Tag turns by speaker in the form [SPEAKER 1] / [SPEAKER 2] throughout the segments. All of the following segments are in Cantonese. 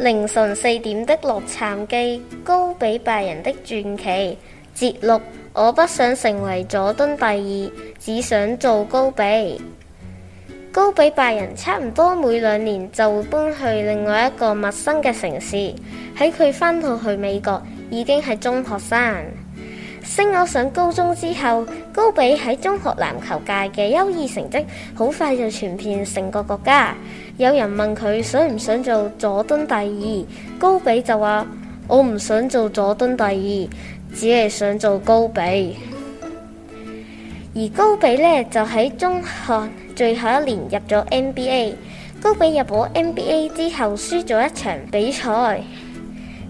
[SPEAKER 1] 凌晨四點的洛杉磯，高比拜仁的傳奇節錄。我不想成為佐敦第二，只想做高比。高比拜仁差唔多每兩年就會搬去另外一個陌生嘅城市。喺佢返到去美國，已經係中學生。升我上高中之後，高比喺中學籃球界嘅優異成績，好快就傳遍成個國家。有人問佢想唔想做佐敦第二，高比就話：我唔想做佐敦第二，只係想做高比。而高比呢，就喺中學最後一年入咗 NBA。高比入咗 NBA 之後，輸咗一場比賽。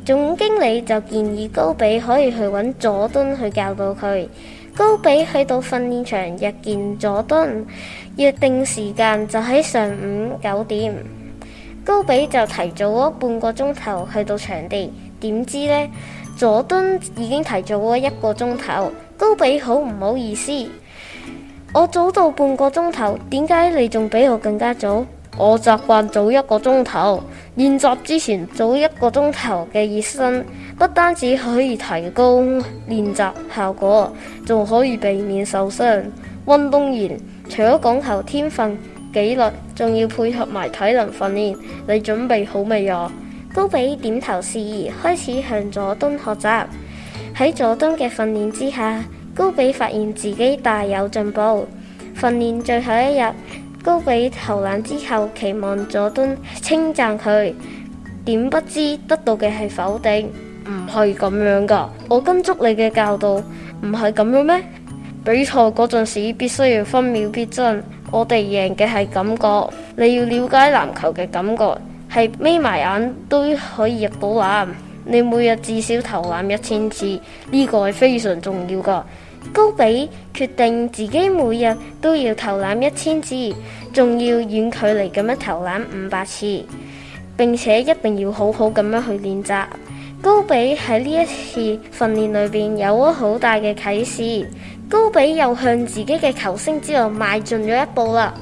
[SPEAKER 1] 總經理就建議高比可以去揾佐敦去教導佢。高比去到訓練場約見佐敦，約定時間就喺上午九點。高比就提早咗半個鐘頭去到場地，點知呢？佐敦已經提早咗一個鐘頭。高比好唔好意思，我早到半個鐘頭，點解你仲比我更加早？我習慣早一個鐘頭練習，之前早一個鐘頭嘅熱身，不單止可以提高練習效果，仲可以避免受傷。運動員除咗講求天分、紀律，仲要配合埋體能訓練。你準備好未啊？高比點頭示意，開始向佐敦學習。喺佐敦嘅訓練之下，高比發現自己大有進步。訓練最後一日。高比投籃之後期望佐敦稱讚佢，點不知得到嘅係否定。唔係咁樣噶，我跟足你嘅教導，唔係咁樣咩？比賽嗰陣時必須要分秒必爭，我哋贏嘅係感覺。你要了解籃球嘅感覺，係眯埋眼都可以入到籃。你每日至少投籃一千次，呢個係非常重要噶。高比決定自己每日都要投籃一千次，仲要遠距離咁樣投籃五百次，並且一定要好好咁樣去練習。高比喺呢一次訓練裏邊有咗好大嘅啟示，高比又向自己嘅球星之路邁進咗一步啦。